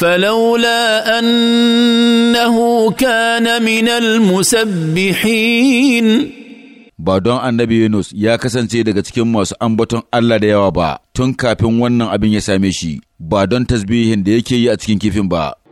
فلولا أنه كان من المسبحين ba don annabi Yunus ya kasance daga cikin masu ambaton Allah da yawa ba tun kafin wannan abin ya same shi ba don tasbihin da yake yi a cikin kifin ba